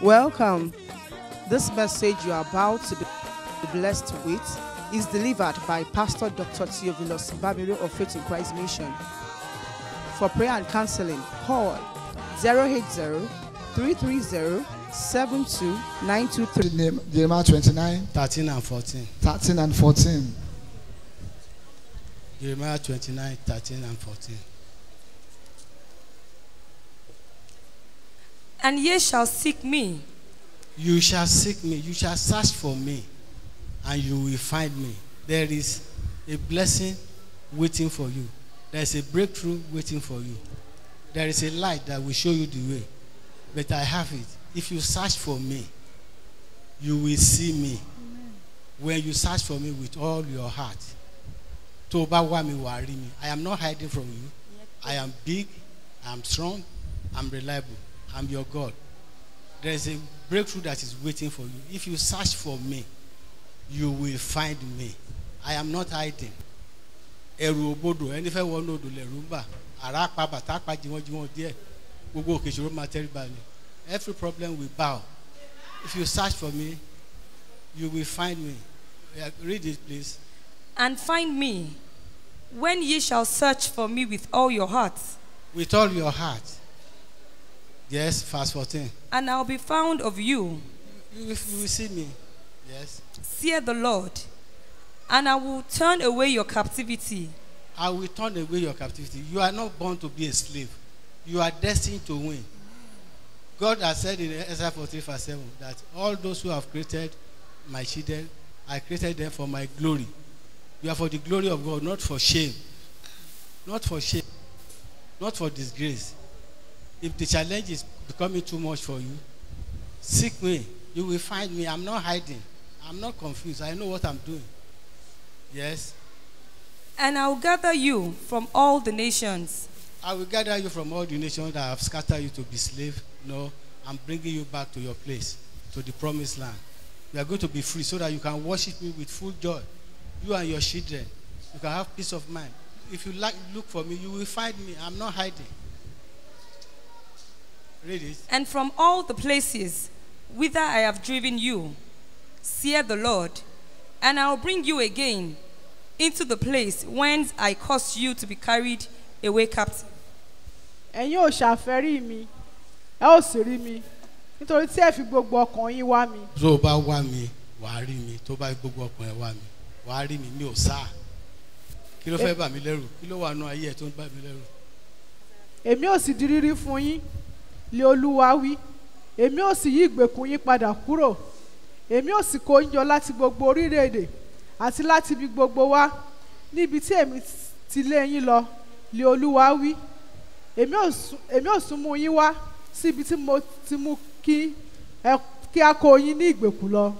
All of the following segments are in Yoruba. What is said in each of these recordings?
Welcome. This message you are about to be blessed with is delivered by Pastor Dr. Theophilus Bamiru of Faith in Christ Mission. For prayer and counseling, call 080 330 Jeremiah 29 13 and 14. 13 and 14. Jeremiah 29 13 and 14. and ye shall seek me. You shall seek me, you shall search for me, and you will find me. There is a blessing waiting for you, there is a breakthrough waiting for you, there is a light that will show you the way. But I have it. If you search for me, you will see me. Amen. When you search for me with all your heart, tó bá mi wà mi. I am not hiding from you. I am big, I am strong, I am reliable. I'm your God. There is a breakthrough that is waiting for you. If you search for me, you will find me. I am not hiding. ẹ̀rù ògbodò ẹni fẹ́ wọnú odò lẹ̀rù ń bà àrà pa bàtà pa jiwọ́njiwọ́n díẹ̀ gbogbo òkè ìṣòro máa tẹ́rí ba ni every problem will bow if you search for me you will find me read it please. and find me when ye shall search for me with all your heart. with all your heart. Yes, verse 14. And I'll be found of you. You, will see me. Yes. Fear the Lord, and I will turn away your captivity. I will turn away your captivity. You are not born to be a slave. You are destined to win. God has said in Isaiah 43 verse 7 that all those who have created my children, I created them for my glory. You are for the glory of God, not for shame, not for shame, not for disgrace. If the challenge is becoming too much for you, seek me. You will find me. I'm not hiding. I'm not confused. I know what I'm doing. Yes. And I will gather you from all the nations. I will gather you from all the nations that have scattered you to be slave. No, I'm bringing you back to your place, to the promised land. You are going to be free so that you can worship me with full joy. You and your children. You can have peace of mind. If you like, look for me, you will find me. I'm not hiding. Read it. And from all the places whither I have driven you, saith the Lord, and I will bring you again into the place whence I caused you to be carried away captive. Ẹ̀yin ò ṣàfẹ́rí mi, ẹ ò sì rí mi, nítorí tí ẹ fi gbogbo ọkàn yín wá mi. Tó o bá wá mi, wàá rí mi, tó o bá gbogbo ọkàn ẹ wá mi, wàá rí mi ní ọ̀sà. Kí ló fẹ́ bà mí lẹ́rù? Kí ló wà nù ayé ẹ̀ tó ń bà mí lẹ́rù? Èmi ò sì di rírí fún yín lé olúwa wí èmi ò sì yí ìgbèkùn yín padà kúrò èmi ò sì kó yín láti gbogbo orílẹ̀-èdè àti láti ibi gbogbo wá níbi tí èmi ti lé yín lọ lé olúwa wí èmi ò sún mú yín wá síbi tí mo ti mú kí kí a kó yín ní ìgbèkùn lọ.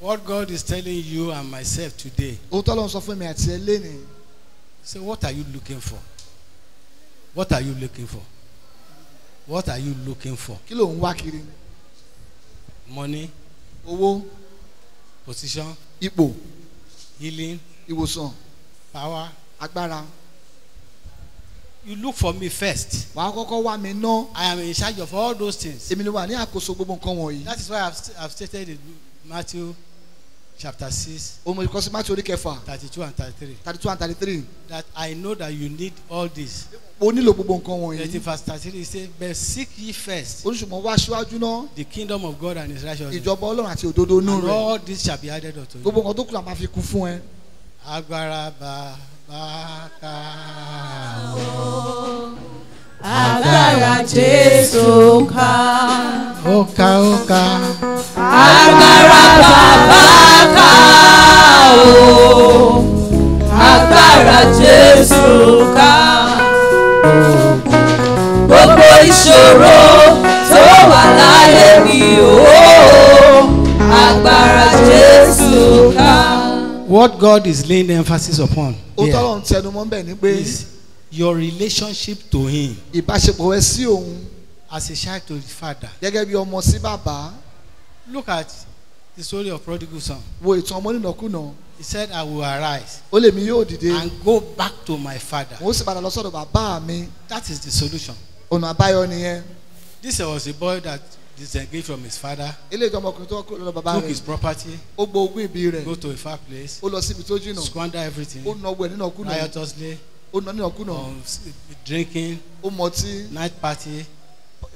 What God is telling you and myself today. Ó tọ́lọ́ sọ fún mi àti ẹ lénìí. Say what are you looking for? What are you looking for? what are you looking for. kí ló ń wá kiri. money. owó. position. ipò. healing. ìwòsàn. power. agbára. you look for me first. wàá kọ́kọ́ wá mi ná. I am in charge of all those things. èmi ni wà ní àkóso gbogbo nǹkan wọ̀nyí. that is why I have, have stated in Matthew chapter six. o mọ̀ ìkọ́sí Mátí orí kẹfà. thirty two and thirty three. thirty two and thirty three. that I know that you need all this. o nílò gbogbo nǹkan wọ̀nyí. thirty verse thirty three say but seek ye first. oríṣiríṣi wá síwájú náà. the kingdom of God and his righteousness. ìjọba Ọlọ́run àti òdodo inú rẹ̀. and all this shall be added unto you. gbogbo nǹkan tó kù la máa fi kún fún ẹ. agbára bàbá kàá agbára jésù ká. Oka, ká ó ká. agbára bàbá ká o agbára jésù ká. gbogbo ìṣòro tó wà láyé mi o agbára jésù ká. What God is laying emphasis upon. ó tọrọ ń tẹnu mọ́ bẹ́ẹ̀ ni pé your relationship to him. ìbáṣepọ̀ rẹ sí òun. as a child to the father. gẹ́gẹ́ bí ọmọ sí bàbá. look at the story of prodigal son. wo ìtàn ọmọ nínàkúnà. he said i will arise. ó lè mi yóò dìde. and go back to my father. mo sì padà lọ sọ́dọ̀ bàbá mi. that is the solution. ọ̀nà àbáyọ nìyẹn. this was a boy that disengaged from his father. ilé ìjọba ọkùnrin tó kúrò lọ bàbá rẹ̀. took his property. ó gbó ogún ìbí rẹ̀. go to a far place. ó lọ síbi tó jìnnà. squander everything. ó nọ ọgbẹ́ nínú riotously ó nọ ní ọkùnà. drinking. ó mọtí. night party.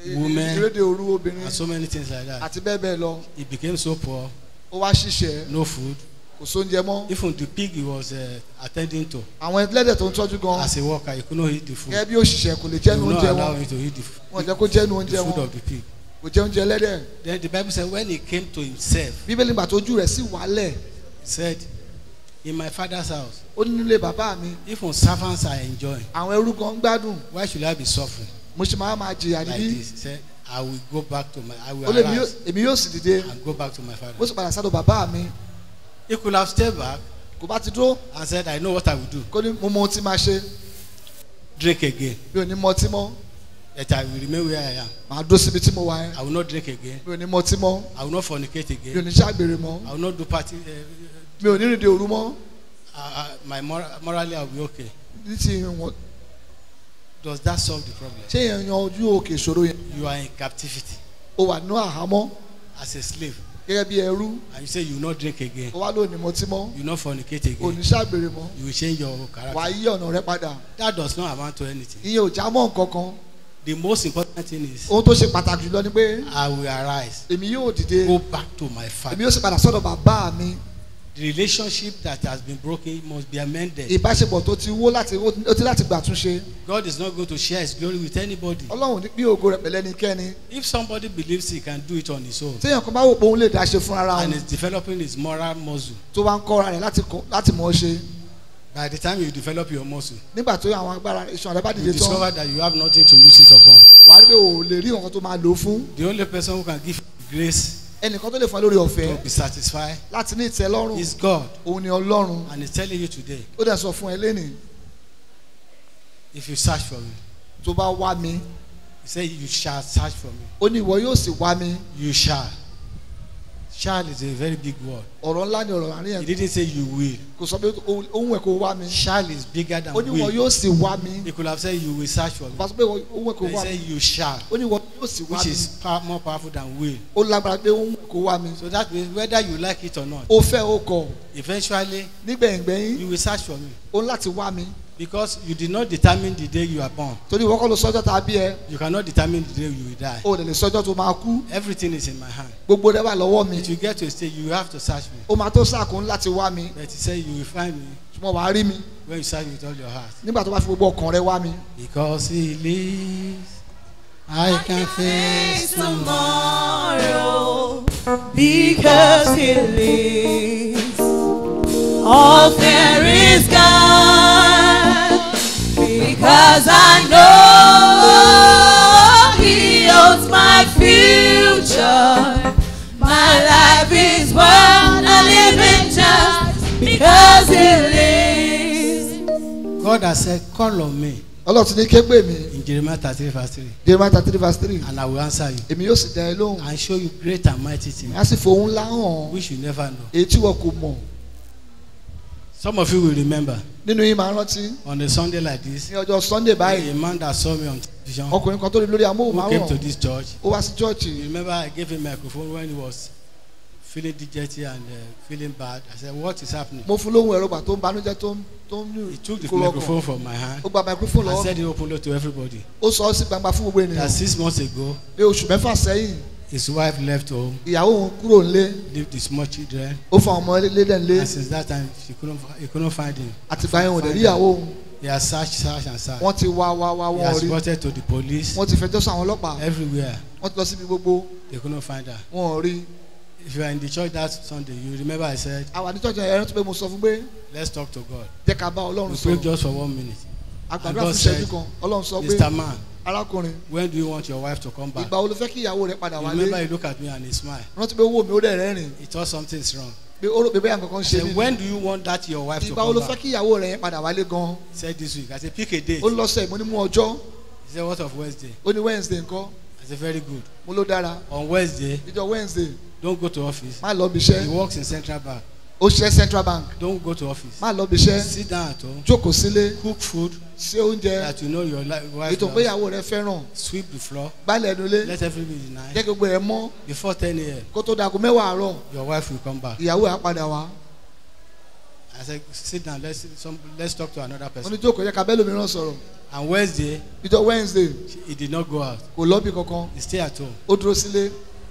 Eh, women. ìrédè òru obìnrin. and so many things like that. àti bẹ́ẹ̀ bẹ́ẹ̀ lọ. he became so poor. ó wá ṣiṣẹ́. no food. kò sóúnjẹ mọ́. even the pig he was uh, attending to. àwọn ẹlẹ́dẹ̀ tó ń tọ́jú gan. as a worker he could not eat the food. gẹ́gẹ́ bí òṣìṣẹ́ kò lè jẹ́nu oúnjẹ wọn. he would not allow him to eat the food. wọ́n jẹ́ kó jẹ́nu oúnjẹ wọn. the food of the pig. kò jẹ́ oúnjẹ ẹlẹ́dẹ̀. then the bible said when he came to himself. bíbélì gbà tójú rẹ̀ sì wálẹ̀. he said in my father's house. ó ní nílé bàbá mi. if on servants are enjoying. àwọn ẹrú kan gbádùn. why should I be suffering. mo ṣe máa máa jìyà níbí. like this say I will go back to my I will arise. èmi yóò sì dìde. and go back to my father. mo sì padà sádọ̀ bàbá mi. he could have stayed back. kò bá ti dúró. and said I know what I will do. kò ní mo mọ ohun tí màá ṣe. drink again. mi ò ní mọ ọtí mọ́. That I will remain where I am. Màá dúró síbi tí mo wà yẹn. I will not drink again. Mi ò ní mọ ọtí mọ́. I will not fornicate again. Mi ò ní ṣàgbèrè mọ́. I will not do party. Uh, mi ò ní rìn òru mọ́. Ah, ah, my moral, morally I will be okay. nísìnyí wọn. does that solve the problem. ṣé yẹn yanjú òkè ìṣòro yẹn. you are in captivity. o wà ní àhámọ́. as a slave. gẹ́gẹ́ bí ẹrú. and you say you no drink again. o wá ló ní mọtí mọ́. you no fornicate again. o ní ṣàgbèrè you change your character. wàá yí ọ̀nà rẹ padà. that does not amount to anything. iye ò já mọ́ nǹkan the most important thing is. ohun tó ṣe pàtàkì jùlọ ni pé. I will arise. èmi yóò dìde. go back to my father. èmi yóò sì padà sọ́dọ̀ bàbá mi the relationship that has been broken must be amended. ìbáṣepọ̀ tó ti wó láti ó ti láti gbà túnṣe. God is not going to share his glory with anybody. Ọlọ́run ní bí ògo rẹ̀ pẹ̀lẹ́ ẹnikẹ́ni. if somebody believes he can do it on his own. téèyàn kan bá wò pé òun lè dá ṣe fúnra òun. and is developing his moral muscle. tó bá ń kọ́ra rẹ̀ láti láti mọ̀ ọ́ ṣe. by the time you develop your muscle. nígbà tó àwọn agbára iṣan rẹ bá dìde tán. you discover that you have nothing to use it upon. wàá rí pé o lè rí nǹkan tó máa lò fún. the only person who can give grace ẹnìkan tó lè fún wa lórí ọ̀fẹ́. to be satisfied. láti ní ìtẹ́lọ́rùn. is God. òun ni ọlọ́run. and he telling you today. ó dẹ̀ sọ fún ẹ lẹ́nìí. if you search for me. tó bá wá mi. ó ní ìwọ yóò sì wá mi. you shall. Shall is a very big word. ọ̀rọ̀ ńlá ni ọ̀rọ̀ àárín ẹ̀. he didn't say you will. kò sọ pé ohun ẹ̀ kò wá mi. Shall is bigger than will. ó ní wọn yóò sì wá mi. he could have said you will search for me. pàṣẹ pé ohun ẹ̀ kò wá mi. he said you shall. ó ní wọn yóò sì wá mi. which is more powerful than will. ó lágbára pé ohun ẹ̀ kò wá mi. so that means whether you like it or not. o fẹ́ o kọ̀. eventually. nígbẹ̀yìngbẹ̀yìn. you will search for me. o láti wá mi because you did not determine the day you are born. torí ìwọ kọ́ ló sọ́jọ́ tá a bí ẹ. you cannot determine the day you will die. o lè lè sọ́jọ́ tó máa kú. everything is in my hand. gbogbo rẹ wà lọ́wọ́ mi. if you get to a stage you have to search me. o máa tó sàkún láti wá mi. but he say you will find me. ṣùgbọ́n wàá rí mi. when you search with all your heart. nígbà tó bá fi gbogbo ọkàn rẹ wá mi. because he lives I can face tomorrow because he lives all there is God. Because I know He owns my future. My life is worth a living just because He lives. God has said, Call on me. Ọlọ́run ti ní ké pè mí. In Jeremiah thirty verse three. Jeremiah thirty verse three. And I will answer you. Èmi yóò sì dá ẹ lóhùn. And show you great and mighty things. A sì fòun láhàn. Which you never know. Èyí tí wọn kò mọ̀. Some of you will remember. Nínú yìí máa rántí. On a Sunday like this. Ní ọjọ́ Sunday báyìí. A man that saw me on television. Ọkùnrin kan tó lórí amóhùnmáwọ̀. Who came to this church. Ó wá sí chọ́ọ̀chì. You remember I gave him microphone when he was feeling dejected and uh, feeling bad. I said, what is happening? Mo fún lóhùn ẹ̀rọ gbà tó ń banújẹ́ tó ń tó ń ní ìkórọ́kùn. He took the microphone from my hand. Ó gba microphone lọ́wọ́. I said he opened it to everybody. Ó sọ ọ́ sí gbangba fún gbogbo ènìyàn. That six months ago. Pé oṣù mẹ́fà sẹ́yìn. His wife left home. Ìyàwó òun kúrò nílé. Left his small children. Ó fa ọmọ ilé dẹ̀ nílé. And since that time she couldn't he couldn't find him. Àtìgbà yẹn ò dẹ̀ rí ìyàwó òun. He has searched searched and searched. Wọ́n ti wá wá wá wọ́n rí. He has reported to the police. Wọ́n ti fẹjọ́ sọ àwọn ọlọ́pàá. Everywhere. Wọ́n ti lọ síbi gbogbo. They couldn't find her. Wọ́n rí. If you are in the church that Sunday, you remember I said. Àwọn àdìjọ́jọ́ ẹ̀rọ tó bẹ́ẹ̀ mo sọ fún pé. Let's talk to God. Jẹ́ ká bá Ọlọ́run sọ̀rọ̀. We pray just for one minute àgbàdo àfúnṣẹ́jú kan ọlọ́run sọ pé mr man arákùnrin. when do you want your wife to come back. ìgbà wo ló fẹ́ kí ìyàwó rẹ padà wálé. you remember you look at me and he smile. rántí pé owó mi ó dẹ̀ rẹ́rìn. he thought something is wrong. pé ó rò pé bẹ́ẹ̀ kankan ṣe ni. when do you want that your wife to come back. ìgbà wo ló fẹ́ kí ìyàwó rẹ padà wálé gan. said this week I say pick a date. ó lọ sẹ́ mo ní mú ọjọ́. he said what of Wednesday. ó ní Wednesday ńkọ́. I say very good. mo ló dára. on Wednesday. ìjọ Wednesday. don't go to office. má lọ bí iṣẹ́. he works in Central Bank ó ṣiṣẹ́ central bank. don't go to office. má lọ bí iṣẹ́. sit down at home. jókòó sílé. cook food. ṣe oúnjẹ. that you know your wife. ètò ìgbéyàwó rẹ fẹ́ràn. sweep the floor. gbálẹ̀ nulẹ̀. let everybody be jẹ́ gbogbo ẹ̀ mọ́. before ten a.m. kó tó dago mẹ́wàá àárọ̀. your wife will come back. ìyàwó á padà wá. I said sit down let's some, let's talk to another person. wọ́n ní jókòó yẹ ká bẹ́ẹ̀ lómìíràn sọ̀rọ̀. and Wednesday. ìjọ Wednesday. he did not go out. kò lọ bí kankan. he stay at home. ó dúró sílé.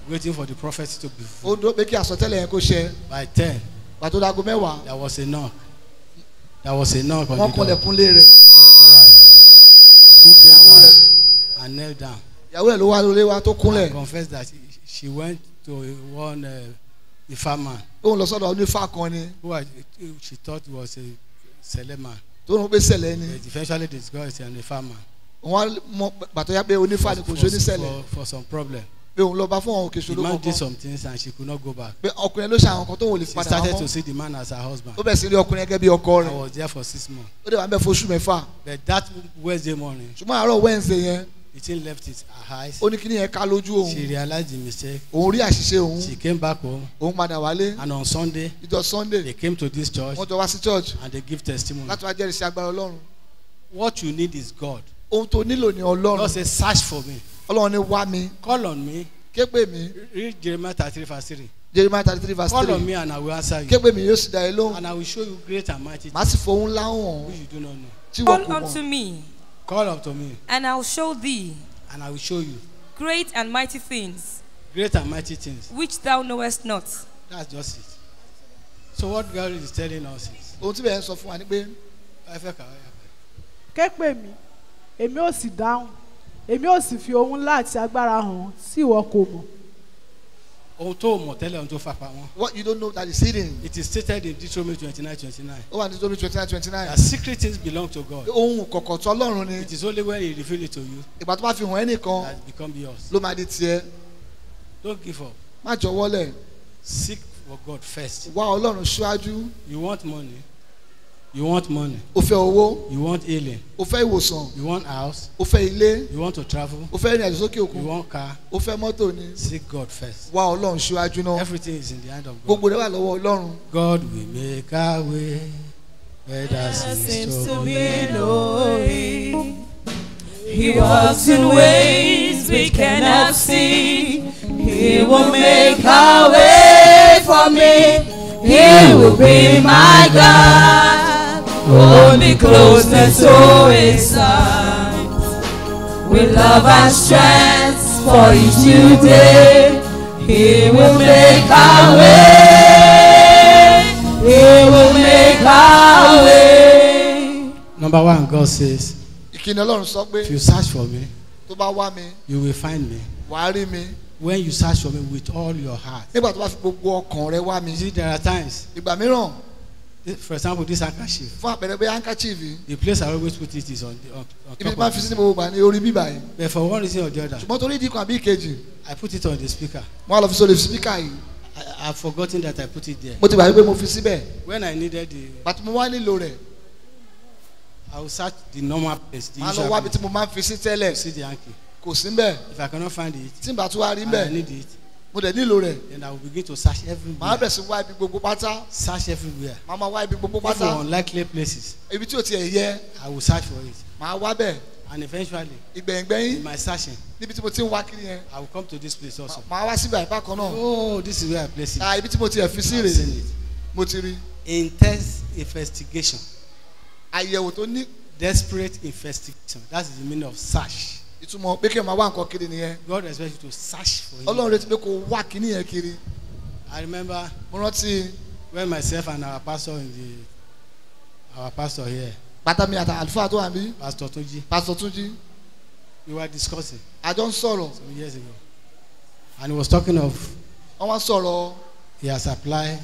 waiting for the prophet to be. ó dúró pé kí àsọtẹ́lẹ̀ yẹn kó ṣẹ. by ten pàtó dago mẹ́wàá. there was a knock there was a knock on the door. wọ́n kọlẹ̀kúnlé rẹ̀. who came down and kneel down. ìyàwó ẹ̀ ló wá lórí wa tó kúnlẹ̀. I confess that she, she went to one uh, Ifá man. ó ń lọ sọ́dọ̀ onífá kan ni. who I, she thought was a sẹlẹ̀ man. tó ń pè sẹlẹ̀ ni. eventually discovered an Ifá man. wọ́n mọ bàtọ́ yá pé onífá ni kò sí onísẹ̀lẹ̀. for some problem pé òun lọ bá fún òkè ṣòro kankan. the man did some things and she could not go back. pé ọkùnrin ló ṣe àwọn kan tó wò padà wá she started to see the man as her husband. ó bẹ̀ sí rí ọkùnrin gẹ́gẹ́ bí ọkọ rẹ̀. I was there for six months. ó dẹ̀ wá bẹ̀ fóṣù mẹ́fà. but that Wednesday morning. ṣùgbọ́n àárọ̀ Wednesday yẹn. the thing left his eyes. ó ní kí ni yẹn ká lójú òun. she realized the mistake. òun rí àṣìṣe òun. she came back home. òun padà wálé. and on Sunday. ìjọ Sunday. they came to this church. wọ́n jọ wá sí church. and they give testimony. láti wá jẹ́rìí sí agbára Ọlọ́run. what you need is God. ohun tó nílò ni Ọlọ́run. God say search for me ọlọ́run ni wá mi. call on me. képe mi. read jeremiah thirty three verse three. jeremiah thirty three verse three. call on me and I will answer you. képe mi yóò sì dá ẹ lóhùn. and I will show you great and mighty. màá sì fòun láhùn. which you do not know. tí wọ́n kò mọ̀. call unto me. call unto me. and I will show thee. and I will show you. great and mighty things. great and mighty things. which thou knowest not. that's just it. so what God is telling us is. ohun tí bẹ́ẹ̀ sọ fún wa ni pé. ẹ fẹ́ kàwé. képe mi èmi ò sì dáhùn èmi ò sì fi ohun ńlá àti agbára hàn tí ìwọ kò mọ̀. ohun tó o mọ̀ tẹ́lẹ̀ ohun tó fà pamọ́. what you don't know that is hidden. it is stated in Deuteronomy twenty nine twenty nine. ó oh, wà ní Deuteronomy twenty nine twenty nine. that secret things belong to God. ohun kọ̀kọ̀ tọ́ lọ́run ni. it is only when he reveal it to you. ìgbà tó bá fi hàn ẹnìkan. that become yours. ló máa di tiẹ̀. don't give up. má jọ̀wọ́ lẹ̀. seek for God first. wá Ọlọ́run ṣáájú. you want money. You want money. O fẹ́ owó. You want healing. O fẹ́ ìwòsàn. You want house. O fẹ́ ilé. You want to travel. O fẹ́ ìrìnàjò sókè òkun. You want car. O fẹ́ mọ́tò ni. Seek God first. Wá Ọlọ́run ṣíwájú náà. Everything is in the hand of God. Gbogbo rẹ̀ wà lọ́wọ́ Ọlọ́run. God will make our way where there seems to be no He walks in ways we cannot see. He will make our way for me. He will be my God. Hold me close, that's always sight. With love and strength for each new day, He will make our way. He will make our way. Number one, God says, if you search for me. you will find me. wà á when you search for me with all your heart. see there are times for example this handkerchief. fún àpẹẹrẹ bí handkerchief yìí. the place I always put it is on the on, on top. ibi tí máa fi sí ni mo gbà ní orí bíbá yìí. but for one reason or the other. ṣùgbọ́n torí ìdí kan àbí ìkejì. I put it on the speaker. mo á lọ fi sórí speaker yìí. I have forgotten that I put it there. mo ti gbàgbé pé mo fi síbẹ̀. when I needed the. But mo wá nílò rẹ̀. I will search the normal place. the usual place. máa lọ wá bí tí mo máa fi sí tẹ́lẹ̀. see the hanky. kò sí mbẹ̀. if I cannot find it. tí n bá tún wá rí mbẹ̀. I need it mo dẹ̀ nílò rẹ̀. then I will begin to search everywhere. màá bẹ̀ sí wá ibi gbogbo pátá. search everywhere. màá máa wá ibi gbogbo pátá. even unlikely places. ibi tí o tiẹ̀ yẹ. I will search for it. màá wá bẹ́ẹ̀. and eventually. ìgbẹ̀yìngbẹ̀yìn. in my searching. níbi tí mo ti ń wá kiri yẹn. I will come to this place also. màá wá síbi àyíká kan náà. oh this is where I place it. ah ibi tí mo tiẹ̀ fi sí rèé mo ti rí. intense investigation. àyẹ̀wò tó ní. desperate investigation that is the meaning of search ìtumọ̀ pé kí n máa wá nǹkan kiri nìyẹn. God expects you to search for him. Ọlọ́run retí pé kò wá kíní yẹn kiri. I remember. Mo rántí. When myself and our pastor in the our pastor here. Pátá mi àti àlùfáà tó wà níbí. Pastor Tunji. Pastor Tunji. We were discussing. A jọ ń sọ̀rọ̀. Some years ago. And he was talking of. Wọ́n wá sọ̀rọ̀. He has applied.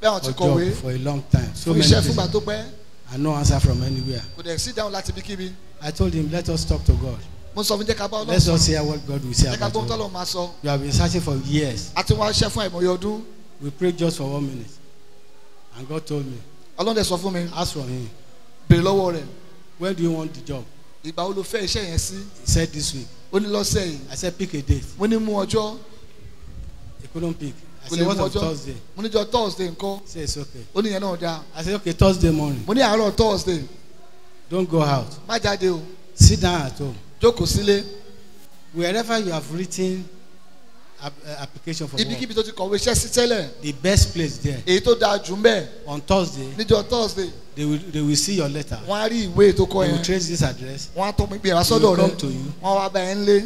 Bẹ́ẹ̀ wọ́n ti kọ̀wé. For job for a long time. So many places. Fún iṣẹ́ fúngbà tó pẹ́. And no answer from anywhere. Kò dẹ̀ sit down láti bí kíbi. I told him let us talk to God mo sọ fún jẹ́ ká bá ọlọ́run sọ. let's not say what God will say about you. jẹ́ ká gbóhùn tọ́lọ̀ máa sọ. you have been searching for years. a ti wá ṣe fún àìmọye ọdún. we prayed just for one minute and God told me. ọlọ́run dẹ̀ sọ fún mi. ask from him. béèrè lọ́wọ́ rẹ̀. when do you want the job. ìgbà wo lo fẹ́ iṣẹ́ yẹn sí. he said this week. ó ní lọ́sẹ̀ yìí. I said pick a date. mo ní mú ọjọ́. he couldn't pick. I said what of Thursday. mo ní jọ Thursday ńkọ́. he said it's okay. ó ní yẹn náà dáa. I said okay Thursday morning. mo ní àárọ̀ Thursday. don't go out. má jáde o. sit down at home jókòó sílé. wherever you have written uh, uh, application for work. ibikíbi tó ti kọ̀wé iṣẹ́ sí tẹ́lẹ̀. the best place there. èyí tó dáa jù mbẹ́. on thursday. níjọ́ thursday. they will they will see your letter. wọ́n á rí ìwé tó kọ yẹn. they will trace this address. wọ́n á tó gbé yàrá sọ́dọ̀ rẹ. they will come to you. wọ́n wá bá ẹ ń lé.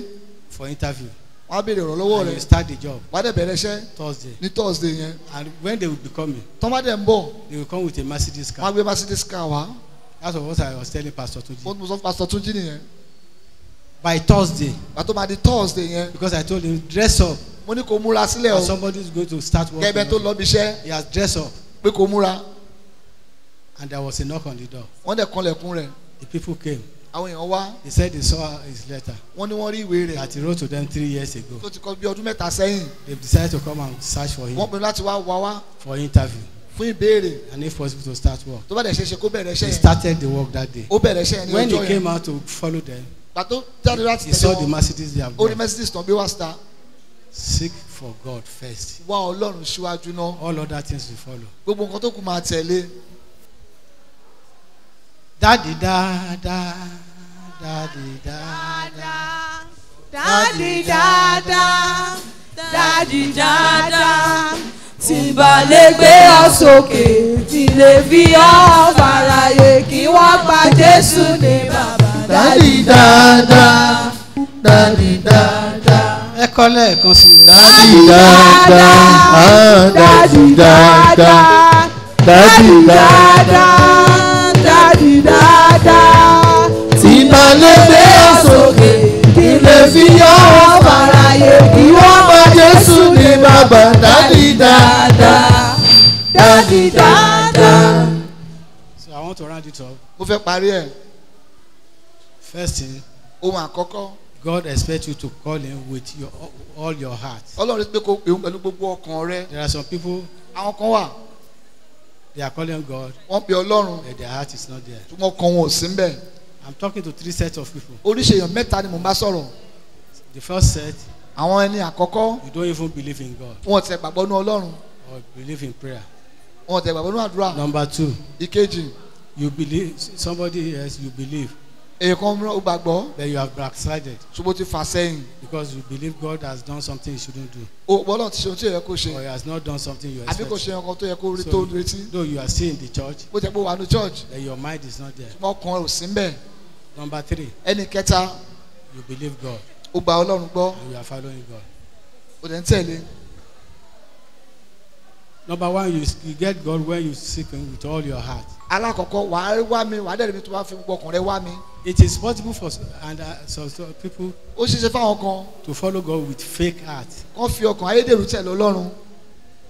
for interview. wọ́n á béèrè ìrànlọ́wọ́ rẹ. and you start the job. wọ́n bẹ̀rẹ̀ iṣẹ́. thursday. ní thursday yẹn. and when they will be coming. tọ́mọ́ ń bọ̀. they will come with a mercedes car. wọ́n á gbé mercedes car wá. that's what I was telling pastor Tunji. mo sọ pastor Tunji by thursday. pàtó di thursday yẹn. because i told him dress up. mo ní kó múra sílẹ̀ o. somebody is going to start working. kẹ́bẹ́ tó lọ bí iṣẹ́. he has dress up. pé kó múra. and there was a knock on the door. wọ́n dẹ̀ kanlẹ̀kùn rẹ̀. the people came. àwọn èèyàn wá. he said he saw his letter. wọ́n ní wọ́n rí ìwé rẹ̀. that he wrote to them three years ago. tó ti kọ bí ọdún mẹ́ta sẹ́yìn. they decided to come and search for him. wọ́n pinnu láti wá wá wá. for interview fún ìbéèrè. and if possible to start work. tó bá dẹ̀ ṣe ṣe kó bẹ̀rẹ̀ ṣe yẹn. he started the work that day. ó bẹ̀rẹ̀ ṣe yẹn ní ọjọ́ yẹn. when he came out to follow them pàtó jáde láti tẹ̀lé he saw the mercedes they have All the rí mercedes tán bí wá seek for God first. Wow, Lord, wá ọlọ́run You know, all other things will follow. gbogbo nǹkan tó kù Da tẹ̀lé. dáàdì da da dáadáa da da dáàdì dáadáa tí bá lè gbé ọ sókè tí lè fi ọ fàlàyé kí wọ́n pa Jésù ní bàbá dadi dada dadi dada. ẹ kọ́ lẹ́ẹ̀kan sí i. dadi dada ah, dadi dada dadi dada dadi dada. tí bá lè gbé sókè kí lè fi yọ ọ fàráyé ìwọ ọmọ Jésù ni bàbá dadi dada dadi dada. so I want to round it up. mo fẹ́ parí ẹ̀. First thing. Ohun àkọ́kọ́. God expects you to call him with your, all your heart. Ọlọ́run pé kó pè pẹ̀lú gbogbo ọkàn rẹ. There are some people. Àwọn kan wà. They are calling God. Wọ́n pe Ọlọ́run. But their heart is not there. Ṣùgbọ́n ọkàn wọn sí mbẹ̀. I'm talking to three sets of people. Oríṣèyàn mẹ́ta ni mò bá sọ̀rọ̀. The first set. Àwọn ẹni àkọ́kọ́. You don't even believe in God. Wọ́n tẹ gbàgbọ́ nú Ọlọ́run. Or believe in prayer. Wọ́n tẹ gbàgbọ́ nú àdúrà. Number two. Ìkejì. You believe somebody else you believe èèkan mìíràn ó then you have backslided. ṣùgbọ́n ti fà sẹ́yìn. because you believe God has done something you shouldn't do. o bọ́lá ti ṣe ohun tí ó yẹ kó or he has not done something you expect. àbí kò ṣe ohun tó yẹ kó rí tó retí. though you are still in the church. bó ti pé wà ní church. then your mind is not there. ṣùgbọ́n ọkàn ò sí number three. ẹni kẹta. you believe God. o gba Ọlọ́run gbọ́. you are following God. o dẹ̀ ń tẹ̀lé number one you, you get God when you seek him with all your heart. alakọkọ wà á mi wà á mi tó bá fi gbogbo rẹ wá mi. it is possible for and uh, some, some people. ó ṣeéṣe fáwọn kan. to follow God with fake heart. wọ́n fi ọkàn ayédèrú tẹ̀lé ọlọ́run.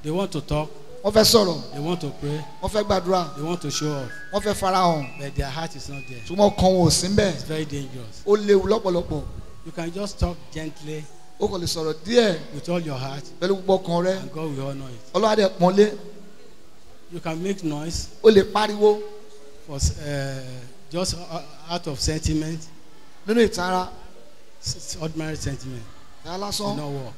they want to talk. wọ́n fẹ́ sọ̀rọ̀. they want to pray. wọ́n fẹ́ gbàdúrà. they want to show off. wọ́n fẹ́ farahàn. but their heart is not there. túmọ̀ kan ò sí mbẹ́. it's very dangerous. ó léwu lọ́pọ̀lọpọ̀. you can just talk gently o kò lè sọ̀rọ̀ díẹ̀. with all your heart. pẹ̀lú gbogbo ọkàn rẹ. and God will honour it. ọlọ́wà dẹ̀ pọ́nlé. you can make noise. o lè pariwo. for uh, just out of sentiment. nínú ìtara. ordinary sentiment. lásán. no work.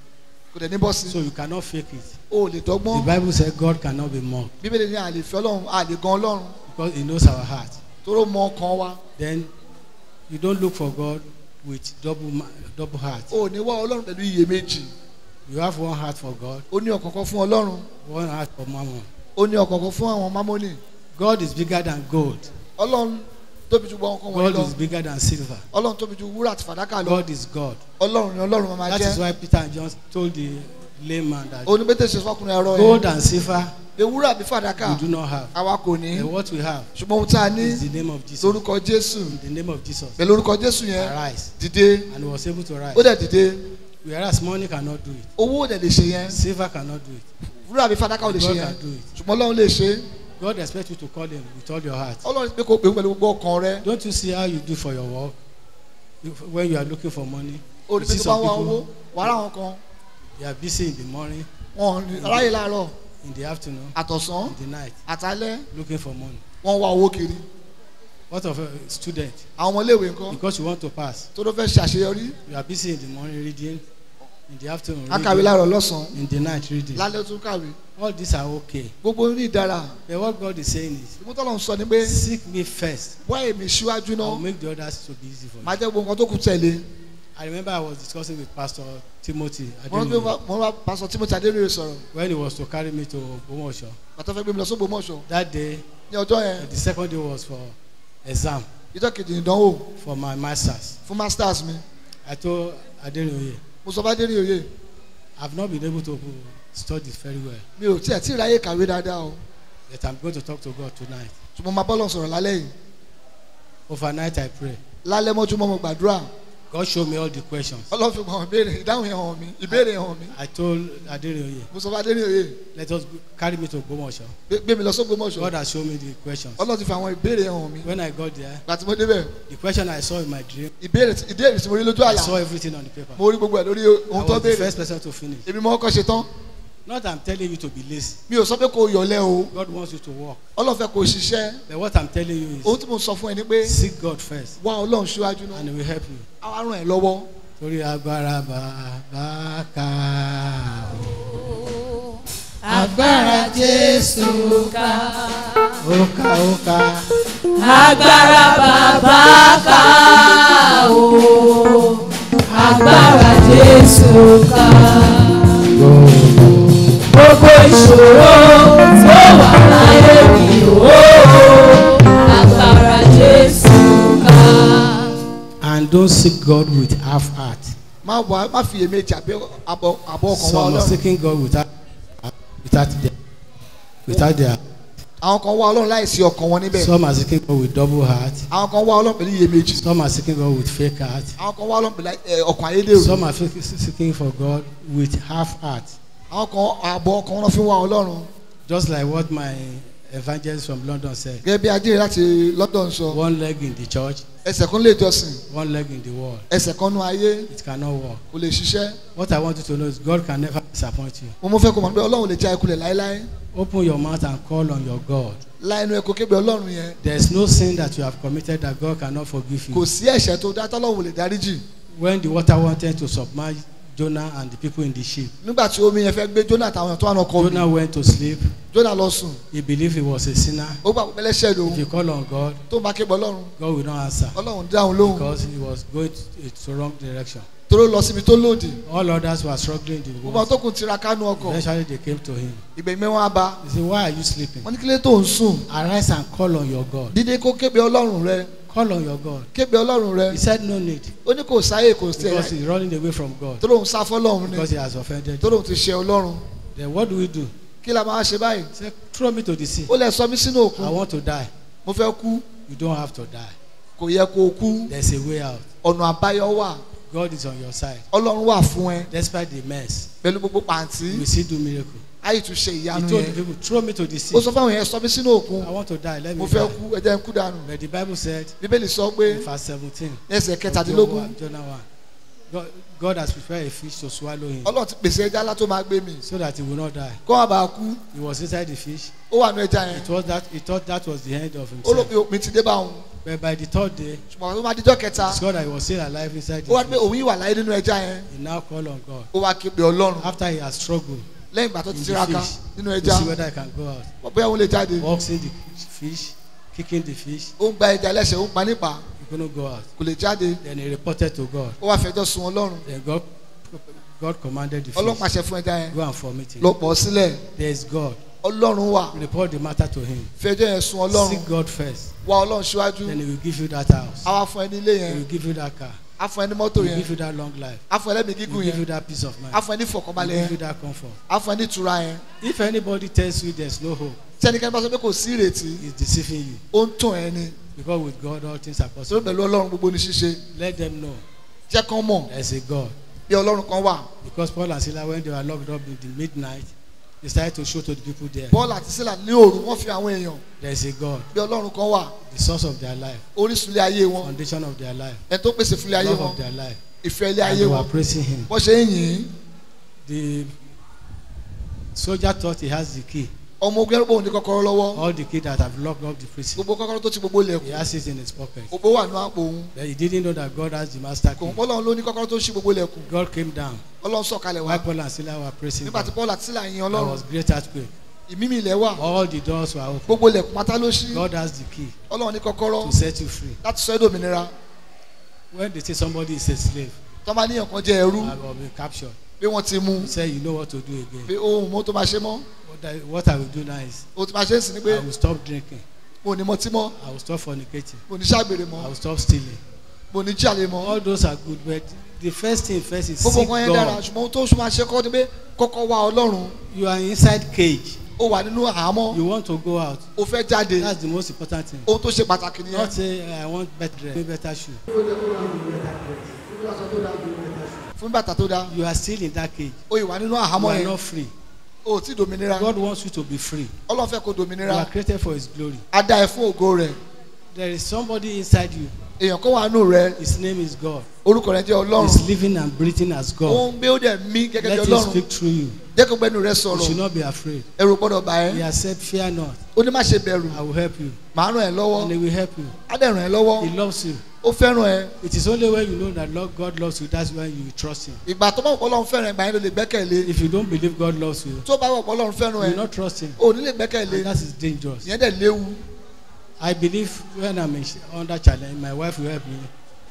kò dẹ̀ ní bọ́sì. so you cannot fake it. o lè dọ́gbọ́n. the bible says God cannot be mocked. bíbélì ni a ọlọ́run a ọlọ́run. because he knows our heart. tóró mọ ọkàn wa. then you don't look for God with double double heart. o ní wá ọlọ́run pẹ̀lú iyèméjì. you have one heart for God. o ní ọ̀kọ̀ọ̀kan fún ọlọ́run. one heart for mammon. o ní ọ̀kọ̀ọ̀kan fún àwọn mamoni. God is bigger than gold. ọlọ́run tóbi ju gbọ́n kọ́ wọn lọ. God is bigger than silver. ọlọ́run tóbi ju wúrà àti fàdákà lọ. God is God. ọlọ́run ni ọlọ́run máa jẹ́. that is why Peter and John told the layman that. oníbẹ̀tẹ̀ ṣe fọkùnrin ẹ̀rọ yẹn. gold and silver ewúrà bí fàdákà. we do not have. àwa kò ní. what we have. ṣùgbọ́n ohun tá a ní. is the name of Jesus. lórúkọ Jésù. the name of Jesus. pẹ̀lú orúkọ Jésù yẹn. arise. dìde. and was able to rise. ó dẹ̀ dìde. whereas money cannot do it. dẹ̀ lè ṣe yẹn. silver cannot do it. wúrà bí fàdákà ò lè ṣe yẹn. do it. ṣùgbọ́n Ọlọ́run lè ṣe God expects you to call him with all your heart. Ọlọ́run pé kó pè pẹ̀lú gbogbo ọkàn rẹ. Don't you see how you do for your work when you are looking for money? O rí owó, wàá wọn kan. They are busy in the morning. Wọ́n ráyè láàárọ̀ in the afternoon. àtọ̀sán in the night. àtàlẹ́. looking for money. wọ́n wá owó kiri. what of a student. àwọn ọmọléèwé ńkọ́. because you want to pass. tó ló fẹ́ ṣàṣeyọrí. you are busy in the morning reading in the afternoon reading. akàwé láàárọ̀ lọ́sàn-án. in the night reading. lálẹ́ tún kàwé. all these are okay. gbogbo ní ìdára. but what God is saying is. ìmú sọ ni pé. seek me first. wá èmi síwájú náà. I will make the others to be easy for you. màá jẹ́ gbogbo nǹkan tó kù tẹ̀lé. I remember I was discussing with Pastor Timothy Adeleye. Pastor Timothy Adeleye sọ̀rọ̀. When he was to carry me to Bomosho. Bàtà fẹ́ gbé mi lọ sí Bomosho. That day. Ní ọjọ́ yẹn. The second day was for exam. Ìjọ́ kejì ìdánwò. For my masters. Fún masters mi. I told Adeleye. Mo sọ fún Adeleye. I have not been able to study very well. Mi ò tí ẹ̀ tí ráyè kàwé dáadáa o. But I'm going to talk to God tonight. Ṣùgbọ́n máa bọ́ lọ sọ̀rọ̀ lálẹ́ yìí. Overnight I pray. Lálẹ́ mọ́jú mọ́ mo gbàdúrà. God show me all the questions. Ọlọ́run fi hàn béèrè ìdáhùn yẹn hàn mí ìbéèrè hàn mí. I told Adéníoyè. Mo sọ fún Adéníoyè. Let us carry me to Gbómọ̀ṣọ́. Gbé mi lọ sí Gbómọ̀ṣọ́. God has shown me the questions. Ọlọ́run fi àwọn ìbéèrè hàn mí. When I got there. Gbàtí mo débẹ̀. The question I saw in my dream. Ìbéèrè ìdéèrè tí mo rí lójú àyà. I saw everything on the paper. Mo rí gbogbo ẹ̀ lórí ohun tó béèrè. I was the first person to finish. Èmi mọ́ ọkọ̀ ṣe not i'm telling you to be lazy. mi ò sọ pé kò yọlẹ o. God wants you to work. ọlọ́fẹ́ kò ṣiṣẹ́. but what i'm telling you is. ohun tí mo sọ fún ẹ ni pé. seek God first. wá ọlọ́run ṣíwájú náà. and he will help you. àwa ràn ẹ́ lọ́wọ́. torí agbára bàbá ká o. agbára jésù ká. ó ká ó ká. agbára bàbá ká o. agbára jésù ká gbogbo ìṣòro tó wà láyé mi ò agbára Jésù ká. and don't seek God with half heart. má wà má fi èméjì àbí àbọ̀ àbọ̀ ọkàn wá Ọlọ́run. some are seeking God without without their without their. àwọn kan wá Ọlọ́run láìsí ọkàn wọn níbẹ̀. some are seeking God with double heart. àwọn kan wá Ọlọ́run pẹ̀lú iyèméjì. some are seeking God with fake heart. àwọn kan wá Ọlọ́run pẹ̀lú eh, ọkàn ayédèrú. some are seeking for God with half heart àwọn kan ààbọ̀ wọn fi wá ọlọ́run. just like what my evangelist from London said. gẹ́gẹ́ bí ajé láti London sọ. one leg in the church. ẹsẹ̀ kan lè jọ́sìn. one leg in the world. ẹsẹ̀ kan nú ayé. it cannot work. kò lè ṣiṣẹ́. what I want you to know is God can never disappoint you. mo mọ fẹ́ kó mọ̀ pé ọlọ́run lè já ikulẹ̀ láéláé. open your mouth and call on your God. láìnú ẹ̀kọ́ kébé ọlọ́run yẹn. there is no sin that you have committed that God cannot forgive you. kò sí ẹ̀ṣẹ̀ tó dá tọ́lọ́run lè dáríjì. when the water wanted to submerge Jonah and the people in the ship. nígbà tí omi yẹn fẹ́ gbé Jonah àtàwọn tó wà náà kọ omi. Jonah went to sleep. Jonah lọ sùn. he believed he was a sinner. ó gbà pé ẹlẹ́ṣẹ̀ lòun. if he call on God. tó bá ké bọ́ Ọlọ́run. God will not answer. Ọlọ́run dáhùn lóhùn. because he was going to wrong direction toro lọ síbi tó lòdì. all others were struggling the world. gbogbo àtọkùn tiraka nu ọkọ. eventually they came to him. ìgbẹ̀mí wọn bá. he said why are you sleeping. wọ́n ní kílé tó ń sùn. arise and call on your God. dídé kó képe Ọlọ́run rẹ. Call on your God. Kébé Ọlọ́run rẹ. He said no need. Ó ní kò sáyè kò sí ẹ̀. Because he is running away from God. Tó lóun sá fọ́lọ́run ni. Because he has offended you. Tó lóun ti ṣe Ọlọ́run. Then what do we do? Kí la máa ṣe báyìí? Say throw me to the sea. Ó lè sọ mí sínú òkun. I want to die. Mo fẹ́ kú. You don't have to die. Kò yẹ kó kú. There is a way out. Ọ̀nà àbáyọ wà. God is on your side. Ọlọ́run wà fún ẹ. Despite the mess. Pẹ̀lú gbogbo pàǹtí. You will still do miracle ayé tún ṣe ìyanu yẹn. he told the people throw me to the I want to die let me mo fẹ́ kú ẹja ń kú dànù. but the bible said. bíbélì sọ pé. God, has prepared a fish to swallow him. Ọlọ́run pèsè ẹja ńlá tó máa gbé mi. so that he will not die. kó má kú. he was inside the fish. ó wà nínú ẹja yẹn. it was that he thought that was the end of himself. ó ló ti dé bá òun. but by the third day. ṣùgbọ́n ó máa dijọ́ kẹta. he saw that he was still alive inside the fish. ó wá pé òun yìí wà láyé nínú ẹja yẹn. he now called on God. ó wá ké pe Ọlọ́run. after he has struggled lẹ́yìn ìgbà tó ti tiraka nínú ẹja bóyá wọ́n lè jáde. walks in the fish kicking the fish. ó ń gba ẹja lẹ́sẹ̀ ó ń gba nípa. go out. kò lè jáde. then he reported to God. ó wá fẹjọ́ sun Ọlọ́run. then God God commanded the fish. Ọlọ́run pàṣẹ fún ẹja yẹn. go and vomit it. lọ pọ̀ sílẹ̀. there is God. Ọlọ́run wà. report the matter to him. fẹjọ́ yẹn sun Ọlọ́run. seek God first. wá Ọlọ́run síwájú. then he will give you that house. àwa fún ẹ ilé yẹn. he will give you that car a fún ẹ yẹn. we give you that long life. gígùn yẹn. we give you that peace of mind. yẹn. we give you that comfort. a fún ẹ ní yẹn. if anybody tells you there is no hope. sẹ́nikẹ́ni bá sọ pé kò sí ìrètí. he is deceiving you. ó ń tàn ẹ́ ni. because with God all things are possible. pẹ̀lú ọlọ́run gbogbo ní ṣíṣe. let them know. jẹ́ kán mọ̀. there a God. bí ọlọ́run kan wà. because Paul and Silas when they were locked up in the midnight Decided to show to the people there. Paul àti Sila ní òru wọ́n fi àwọn èèyàn. there is a God. bí Ọlọ́run kan wà. the source of their life. orísun ayé wọn. foundation of their life. ẹ tó pèsè fún ayé wọn. love of their life. ìfẹ́ ayé wọn. and they were praising him. wọ́n ṣe ń yìn. the soldier thought he has the key ọmọ ogun ẹrúbọ òní kọ́kọ́rọ́ lọ́wọ́. all the kids that have locked up the prison. gbogbo kọ́kọ́rọ́ tó ti gbogbo lẹ̀kùn. he has it in his pocket. gbogbo wà ní àpò òun. he didn't know that God has the master key. kò ń bọ́ ní kọ́kọ́rọ́ tó ṣí gbogbo lẹ̀kùn. God came down. ọlọ́run sọ̀kalẹ̀ wá. while Paul and Silas were praising God. nígbà Paul àti Silas yin ọlọ́run. there was great earthquake. ìmímì ilẹ̀ wà. all the doors were open. gbogbo lẹ̀kùn pátá ló ṣí. God has the key. ọlọ́run ní kọ́kọ́rọ́. to set you free. láti sọ ẹ̀dọ̀ òmìnira. when they say somebody is a slave. tọ́ bí wọ́n ti mú. he said you know what to do again. pé ohun mo tó máa ṣe mọ́. what i will do now is. o tó máa ṣe é sí ni pé. i will stop drinking. mo ní mọtí mọ́. i will stop fornicating. mo ní ṣàgbèrè mọ́. i will stop stealing. mo ní jalè mọ́. all those are good but the first thing first is seek God. gbogbo wọn yẹn dára ṣùgbọ́n ohun tó sùn ṣe kọ́ ni pé kọ́kọ́ wá Ọlọ́run. you are inside cage o wà nínú àhámọ́. you want to go out. o fẹ́ jáde. that's the most important thing. ohun tó ṣe pàtàkì nìyẹn. not say i want better dress. pay better shoe fún bàtà tó da. you are still in that cage. o ìwà nínú àhámọ́ yẹn. you are not free. o ò dominira. God wants you to be free. Ọlọ́run fẹ́ kó dominira. you are created for his glory. a ẹ fún ògo rẹ̀. there is somebody inside you. èèyàn kó wà nù rẹ. his name is God. orúkọ rẹ̀ jẹ́ Ọlọ́run. he is living and breathing as God. ó gbé ó dẹ̀ mí gẹ́gẹ́ bí Ọlọ́run. let him speak through you. jẹ́ kó gbẹ́nu rẹ sọ̀rọ̀. you should not be afraid. ẹ̀rù gbọ́dọ̀ bá ẹ. he has said fear not. ó ní má ṣe bẹ̀rù. I will help you. màá ràn ẹ́ lọ́wọ́. and he will help you. á dẹ̀ lọ́wọ́. he loves you ó fẹ́ràn ẹ. it is only when you know that God loves you that's when you trust him. ìgbà tó bá wọ̀pọ̀ fẹ́ràn ẹ yín ló lè gbẹ́kẹ̀lé. if you don't believe God loves you. tó bá wọ̀pọ̀ fẹ́ràn ẹ. you no trust him. o ní lè gbẹ́kẹ̀lé. and that is dangerous. ìyẹn dẹ̀ léwu. I believe when I'm under challenge my wife will help me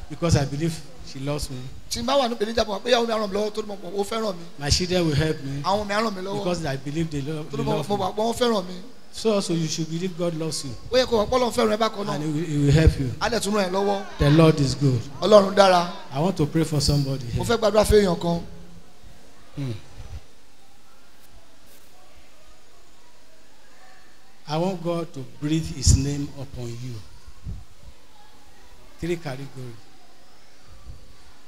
because I believe she loves me. tí n bá wà ní benin japan pé yàwó mi àràn mi lọ́wọ́ tó ní mo pọ̀ ó fẹ́ràn mi. my children will help me. àwọn mi àràn mi lọ́wọ́. because I believe they love me. tó ní mo pọ̀ wọ́n fẹ́ràn mi. So so you should believe God loves you. Ó yẹ kó ọpọlọ fẹ́ràn ẹ bá kọ náà. And he will, he will help you. Á tún ràn ẹ́ lọ́wọ́. The Lord is good. Ọlọ́run dára. I want to pray for somebody here. Mo fẹ́ gbàdúrà fún èèyàn kan. Hmm. I want God to breathe his name upon you. Three categories.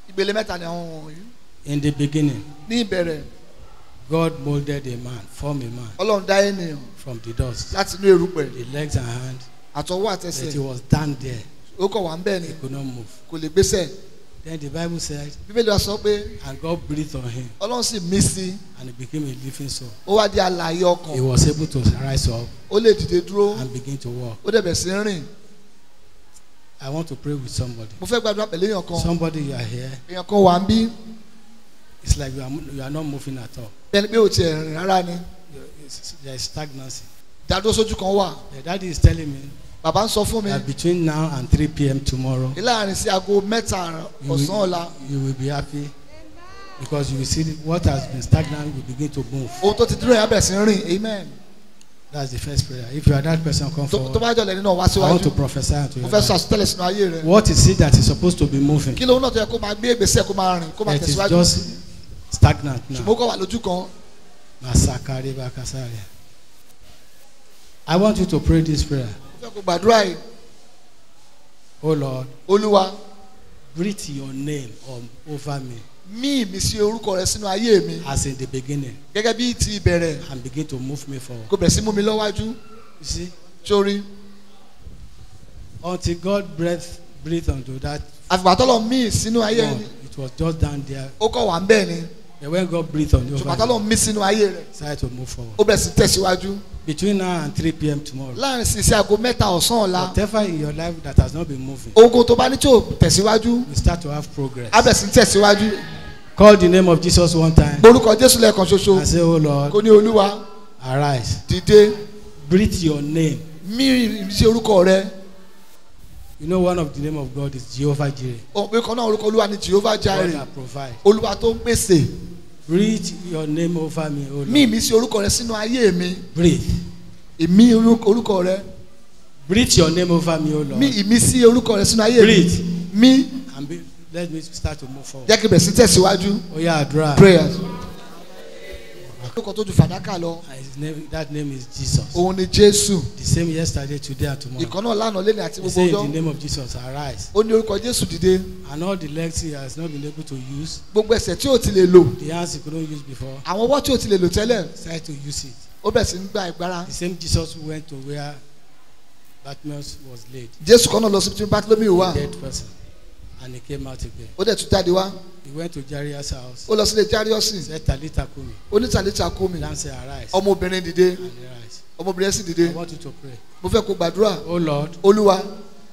Ìgbèlè mẹ́ta ni àwọn wọ̀nyí. In the beginning. Ní ìbẹ̀rẹ̀. God molded a man, formed a man. Ọlọ́run dá ènìyàn. From the dust. Láti inú erùpẹ̀. The legs and hands. Àtọwọ́ àtẹsẹ̀. That he was down there. Ó kọ̀ wá ń bẹ̀ ni. He could not move. Kò lè gbésẹ̀. Then the Bible said. Bíbélì wa sọ pé. And God breathed on him. Ọlọ́run sì mí sí. And he became a living soul. Ó wá di alààyè ọkàn. He was able to rise up. Ó lè dìde dúró. And begin to walk. Ó dẹ̀ sí rìn. I want to pray with somebody. Mo fẹ́ gbàdúrà pẹ̀lú èèyàn kan. Somebody you are here. Èèyàn kan wà ń bí it's like you are, you are not moving at all. ẹni pé o ti rìn rárá ni. there is stagnancy. dádó sójú kan wà. the daddy is telling me. bàbá ń sọ fún mi. that between now and three pm tomorrow. láàrin sí aago mẹ́ta ọ̀sán ọ̀la. you will be happy because you will see what has been stagnant will begin to move. ohun tó ti dúró yẹn bẹ̀rẹ̀ rìn amen. That's the first prayer. If you are that person, come forward. Tó bá jọ lẹ́ni náà wá síwájú. I want to prophesy unto you. Mo fẹ́ sọ àsọtẹ́lẹ̀ sínú ayé What is it that is supposed to be moving? Kí ló ń náà tó yẹ kó máa gbé ìgbésẹ̀ kó máa rìn kó máa tẹ̀síwájú? It is just stagnant now. ṣùgbọ́n kọ́ wà lójú kan. masakari bakasari. I want you to pray this prayer. ṣé kò gbàdúrà yìí. Oh Lord. Olúwa. Breathe your name um, over me. Mí mi sí orúkọ rẹ sínú ayé mi. As in the beginning. Gẹ́gẹ́ bí ti ìbẹ̀rẹ̀. And begin to move me forward. Kò bẹ̀rẹ̀ sí mú mi lọ́wájú. Sí. Sórí. Until God breathed breathed onto that. Àfìgbà tọ́lọ̀ mí sínú ayé mi. It was just down there. Ó kọ̀ wá ń bẹ́ẹ̀ ni. The way God breathed on you. Ṣùgbọ́n tọ́lọ́ mi sínú ayé rẹ̀. Decide to move forward. Ó bẹ̀rẹ̀ sí tẹ̀síwájú. Between now and three pm tomorrow. Láàrin sísẹ́ aago mẹ́ta ọ̀sán ọ̀la. Whatever in your life that has not been moving. Ogun tó bá ní tí ò tẹ̀síwájú. You start to have progress. Á sí tẹ̀síwájú. Call the name of Jesus one time. Gborúkọ Jésù lẹ́ẹ̀kan ṣoṣo. And say, Oh Lord. Kò ní Olúwa. Arise. Dìde. Breathe your name. Mí ṣe orúkọ rẹ. You know one of the name of God is Jehovah Jireh. Ọ̀pẹ̀ kan náà orúkọ Olúwa ni Jehovah Jireh. God that provides. Olúwa tó ń pèsè breathe your name over me o lord. mí mi sí orúkọ rẹ sínú ayé mi. breathe. ìmí orúkọ rẹ. breathe your name over me o lord. mí ìmí sí orúkọ rẹ sínú ayé mi. breathe. mí. and be, let me start to move forward. jẹ́ kí bẹ̀rẹ̀ sí tẹ̀síwájú. ó yá àdúrà. prayers. Orúkọ tó ju fàdákà lọ. that name is Jesus. Òun ni Jésù. The same yesterday today and tomorrow. Ìkan náà lánàá lẹ́nu àti gbogbo ọjọ́. He said in the name of Jesus arise. Ó ní orúkọ Jésù dìde. And all the legs he has not been able to use. Gbogbo ẹsẹ̀ tí o ti lè lò. The hands he couldn't use before. Àwọn ọwọ́ tí o ti lè lò tẹ́lẹ̀. Start to use it. Ó bẹ̀rẹ̀ sí ń gba ìgbára. The same Jesus who went to where Bartimaeus was laid. Jésù kan náà lọ sí Bartimaeus wà. A dead person and he came out again. ó dẹ̀ tún jáde wá. he went to Jarius' house. ó lọ sílé Jairus. he said Talita kumi. ó ní Talita kumi. and say arise. ọmọbìnrin dìde. and arise. ọmọbìnrin sì dìde. I want you to pray. mo fẹ́ kó gbàdúrà. o oh Lord. olúwa.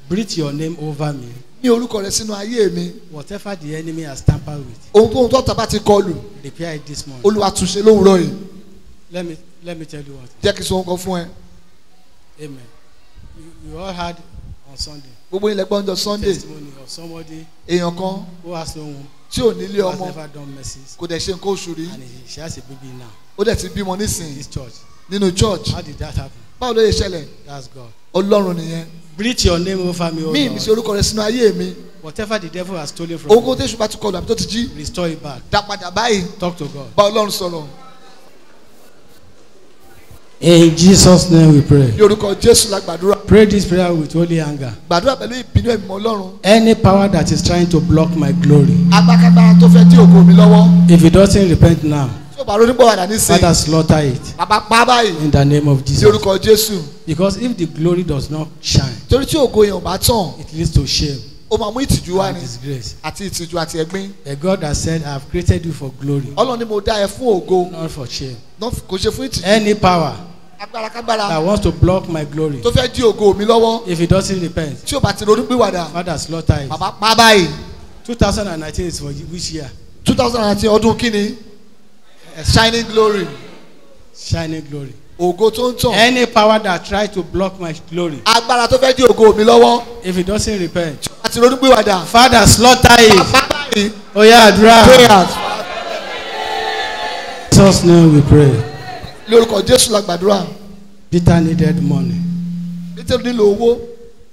breathe your name over me. ní orúkọ rẹ sínú ayé mi. whatever the enemy has tampered with. ohunkóhun tó tàbá ti kọlù. repair it this morning. olúwa túnṣe lówùúrọ̀ yìí. let me let me tell you what. jẹ́ kí n sọ nǹkan fún ẹ. amen you, you all had on Sunday gbogbo ilẹ̀ gbọ́njọ sunday èèyàn kan tí ò nílé ọmọ kò dẹ̀ ṣe nǹkan oṣù rí ó dẹ̀ ti bímọ nísìnyí nínú church báwo ló yẹ ṣẹlẹ̀ ọlọ́run nìyẹn. breathe your name over me o lord. mi ìmísí orúkọ rẹ sínú ayé mi. whatever the devil has stolen from me. ogun tó ṣùgbọ́n ti kọlù àbí tó ti jí. restore it back. dá padà báyìí. talk to God. bá ọlọ́run sọ̀rọ̀. In Jesus name we pray. Ní Jésù la gbàdúrà. Pray this prayer with holy anger. Gbàdúrà pẹ̀lú ìbínú ẹ̀mí Ọlọ́run. Any power that is trying to block my glory. Agbákágbá tó fẹ́ dí ògo mi lọ́wọ́. If you don't repent now. Tí o bá ronú pọ̀ wàdà nísìnyí. Father slaughter it. Bàbá pa báyìí. In the name of Jesus. Ní Jésù. Because if the glory does not shine. Torí tí ògo yẹn ò bá tàn. It leads to shame ó máa mú ìtìjú wá ni àti ìtìjú àti ẹ̀gbin. a God has said I have created you for glory. Ọlọ́run ni mo dá ẹ fún ògo. not for shame. kò ṣe fún ìtìjú. any power agbára kágbára. that wants to block my glory. tó fẹ́ di ògo mi lọ́wọ́. if he doesn't repent. tí o bá ti ronú pìwàdà. father slaughter him. bàbá pa báyìí. two thousand and nineteen is for which year. two thousand and nineteen ọdún kínní. shining glory. shining glory. ògo tó ń tàn. any power that try to block my glory. agbára tó fẹ́ di ògo mi lọ́wọ́. if he doesn't repent. tí o bá ti ronú pìwàdà. father slaughter him. bàbá báyìí. oya àdúrà. prayers. in Jesus' name we pray lórúkọ jésù la gbàdúrà. peter needed money. peter nílò owó.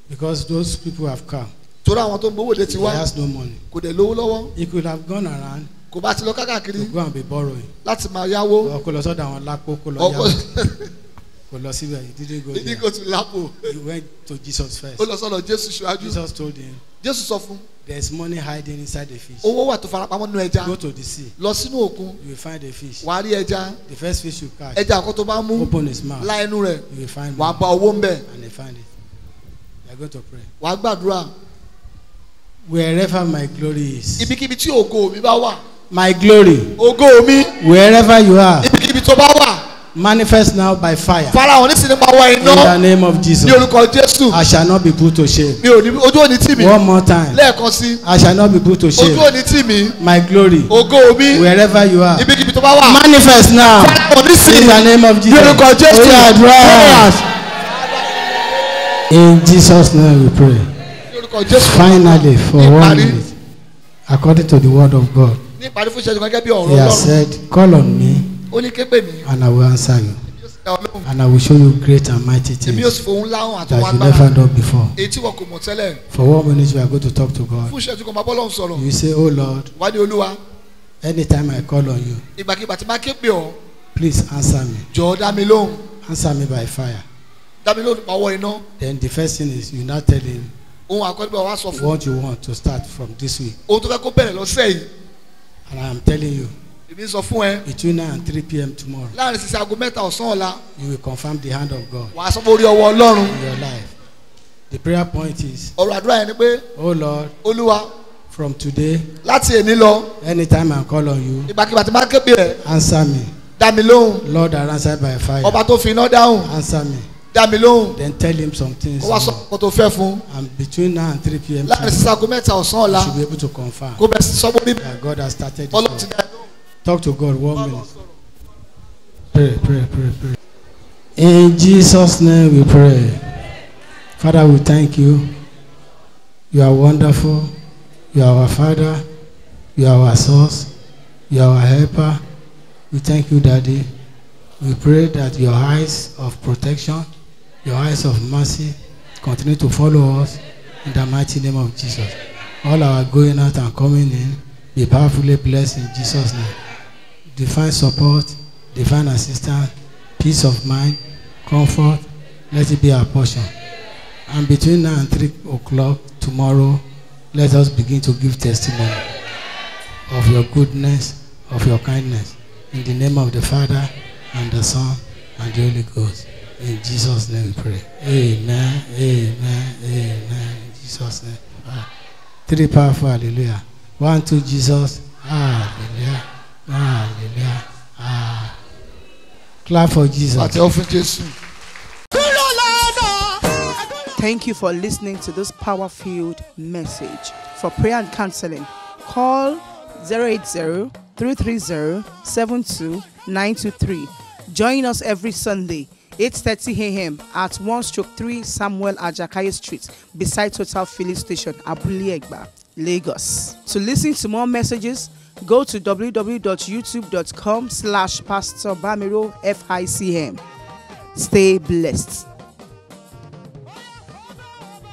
because those people have come. torí àwọn tó ń gbowó de ti wá. he has no money. kò dẹ̀ lówó lọ́wọ́. he could have gone around. kò bá ti lọ kákàkiri. to go and be borrowing. láti máa yáwó. kò lọ sọ́dọ̀ àwọn lápò kò lọ yáwó kò lọ síbẹ̀ he didn't go there. he didn't go to lapo. he went to Jesus first. ó lọ sọ́dọ̀ jésù ṣáájú. Jesus told him. jésù sọ fún un there is money hiding inside the fish. owó wà tó farapamọ́ nínú ẹja. go to the sea. lọ sínú òkun. you will find the fish. wàá rí ẹja. the first fish you catch. ẹja àkọ́kọ́ bá mú. open his mouth. lá ẹnu rẹ̀. you will find money. wàá bá owó ń bẹ̀. and he find it. you are going to pray. wàá gbàdúrà. wherever my glory is. ibikíbi tí ògo mi bá wà. my glory. ògo mi. wherever you are. ibikíbi tó bá wà manifest now by fire. farahàn ní sinimá wa iná. in the name of Jesus. ní orúkọ Jésù. I shall not be put to shame. mi ò ní ojú òní tì mí. one more time. lẹ́ẹ̀kan sí. I shall not be put to shame. ojú òní tì mí. my glory. ògo mi. wherever you are. ibikíbi tó bá wà. manifest now. farahàn ní sinimá. in the name of Jesus. ní orúkọ Jésù. orí àdúrà. in Jesus name we pray. ní orúkọ Jésù. finally for one minute according to the word of God. ní ìparí fún ìṣẹ́jú gẹ́gẹ́ bí ọ̀rọ̀ Ọlọ́run. he has said call on me ó ní ké pè mí. and I will answer you. And I will show you great and mighty things that you never done before. For one minute you are going to talk to God. You say, Oh Lord, anytime I call on you, please answer me. Answer me by fire. Then the first thing is you now tell him what you want to start from this week. And I am telling you èmi sọ fún ẹ. between now and three pm tomorrow. láàrin sísè aago mẹ́ta ọ̀sán ọ̀la. you will confirm the hand of God. wàá sọ fún orí ọwọ́ Ọlọ́run. in your life the prayer point is. ọ̀rọ̀ àdúrà yẹn ni pé. oh Lord. Olúwa. from today. láti èní lọ. anytime I call on you. ìgbàkigbà tí máa kébi rẹ. answer me. dá mi Lord I answer by fire. ọba tó fi iná dáhùn. answer me dá mi then tell him some things. ó wá sọ kó tó fẹ́ fún. and between now and three pm. láàrin sísago mẹ́ta ọ̀sán ọ̀la. you should be able to confirm. kó bẹ God has started this Talk to God one minute. Pray, pray, pray, pray. In Jesus' name we pray. Father, we thank you. You are wonderful. You are our Father. You are our source. You are our helper. We thank you, Daddy. We pray that your eyes of protection, your eyes of mercy, continue to follow us in the mighty name of Jesus. All our going out and coming in be powerfully blessed in Jesus' name. divine support, divine assistance, peace of mind, comfort, let it be our portion. And between now and 3 o'clock tomorrow, let us begin to give testimony of your goodness, of your kindness. In the name of the Father, and the Son, and the Holy Ghost. In Jesus' name we pray. Amen, amen, amen. In Jesus' name. Ah, three powerful hallelujah. One, two, Jesus. Ah. Clap for Jesus. Thank you for listening to this power filled message. For prayer and counseling, call 080 330 72923. Join us every Sunday. 8.30 a.m. at 1 stroke 3 Samuel Ajakaya Street beside Total Filling Station, Egba, Lagos. To listen to more messages, go to www.youtube.com slash Pastor Bamiro FICM. Stay blessed.